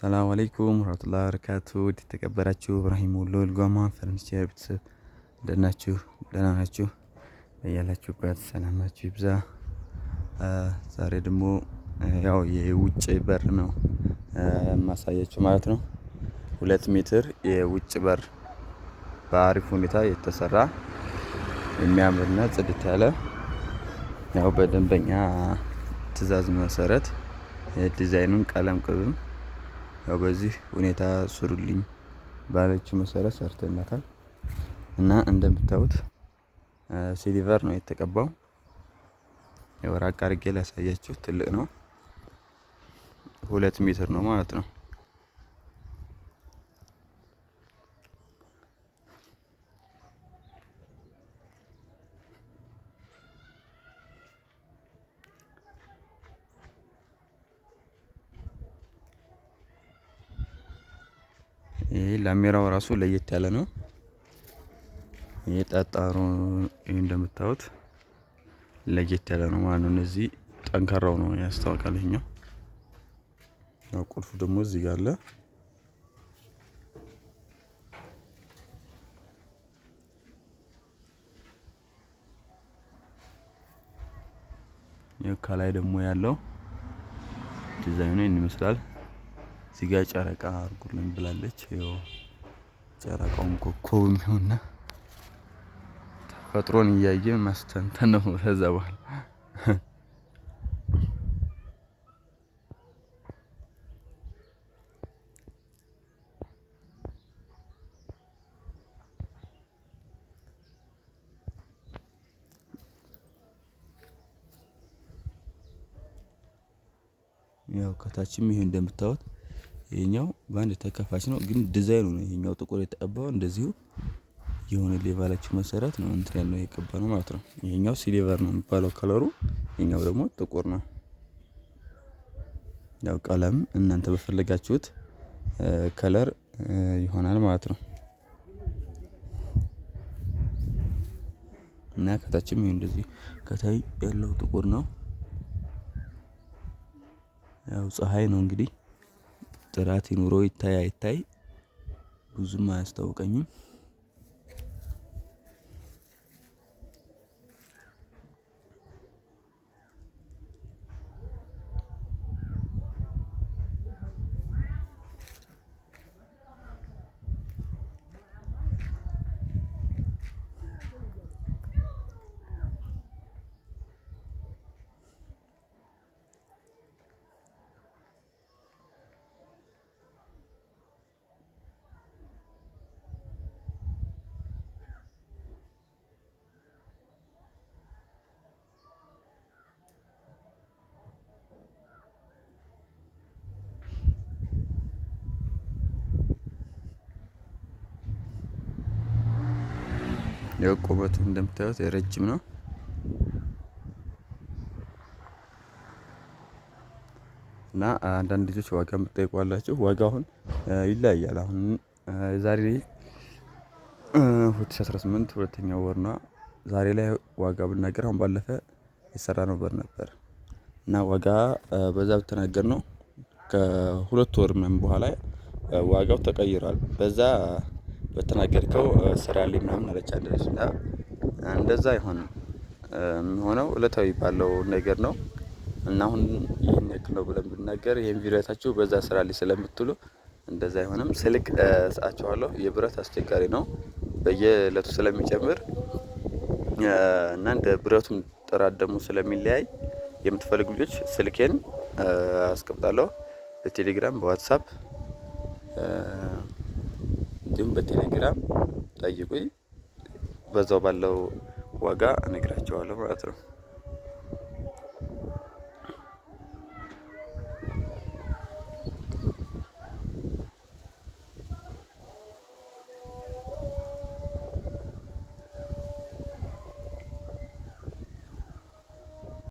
ሰላም አለይኩም ረቱላ በረካቱ። የተከበራችሁ እብራሂም ወሎ ልጓማ ፈርኒቸር ቤተሰብ እንደናችሁ ደህና ናችሁ? በያላችሁበት ሰላማችሁ ይብዛ። ዛሬ ደግሞ ያው የውጭ በር ነው ማሳያችሁ ማለት ነው። ሁለት ሜትር የውጭ በር በአሪፍ ሁኔታ የተሰራ የሚያምርና ጽድት ያለ ያው በደንበኛ ትዕዛዝ መሰረት ዲዛይኑን ቀለም ቅብም ያው በዚህ ሁኔታ ስሩልኝ ባለች መሰረት ሰርተናታል እና እንደምታዩት ሲሊቨር ነው የተቀባው። የወራቅ አርጌ ላሳያችሁ። ትልቅ ነው፣ ሁለት ሜትር ነው ማለት ነው። ይሄ ላሜራው ራሱ ለየት ያለ ነው። ይሄ ጠጣሩ ይሄ እንደምታዩት ለየት ያለ ነው ማለት ነው። እነዚህ ጠንካራው ነው ያስታውቃል። ይሄኛው ያው ቁልፉ ደግሞ እዚህ ጋር አለ። ከላይ ደግሞ ያለው ዲዛይኑ ይመስላል። እዚህ ጋር ጨረቃ አድርጉልኝ ብላለች። ይኸው ጨረቃውም ኮከብም ተፈጥሮን እያየ ማስተንተን ነው። ከዛ በኋላ ያው ከታችም ይሄ እንደምታዩት ይሄኛው በአንድ ተከፋች ነው፣ ግን ዲዛይኑ ነው። ይሄኛው ጥቁር የተቀባው እንደዚሁ የሆነ ሌቫላችሁ መሰረት ነው እንትን ያለው የቀባ ነው ማለት ነው። ይሄኛው ሲሊቨር ነው የሚባለው ከለሩ፣ ይሄኛው ደግሞ ጥቁር ነው። ያው ቀለም እናንተ በፈለጋችሁት ከለር ይሆናል ማለት ነው። እና ከታችም ይሁን እንደዚህ ከታይ ያለው ጥቁር ነው። ያው ፀሐይ ነው እንግዲህ ጥራት ይኑሮ ይታይ አይታይ ብዙም አያስታውቀኝም ያው ቁመቱ እንደምታዩት ረጅም ነው። እና አንዳንድ ልጆች ዋጋ የምጠይቋላችሁ ዋጋ አሁን ይለያያል። አሁን ዛሬ ሁለት ሁለተኛው ወር ነ ዛሬ ላይ ዋጋ ብናገር አሁን ባለፈ የሰራ ነው በር ነበር እና ዋጋ በዛ ብተናገር ነው ከሁለት ወር ምን በኋላ ዋጋው ተቀይሯል በዛ በተናገርከው ስራ ላይ ምናምን አለጫለች እና እንደዛ አይሆንም። የሚሆነው እለታዊ ባለው ነገር ነው እና አሁን ይህን ያክል ነው ብለን ብናገር ይህን ቪዲዮታችሁ በዛ ስራ ላይ ስለምትሉ እንደዛ አይሆንም። ስልክ ሰአቸዋለሁ። የብረት አስቸጋሪ ነው በየእለቱ ስለሚጨምር እና እንደ ብረቱም ጥራት ደግሞ ስለሚለያይ የምትፈልጉ ልጆች ስልኬን አስቀምጣለሁ በቴሌግራም በዋትሳፕ እንዲሁም በቴሌግራም ጠይቁኝ። በዛው ባለው ዋጋ እነግራቸዋለሁ ማለት ነው።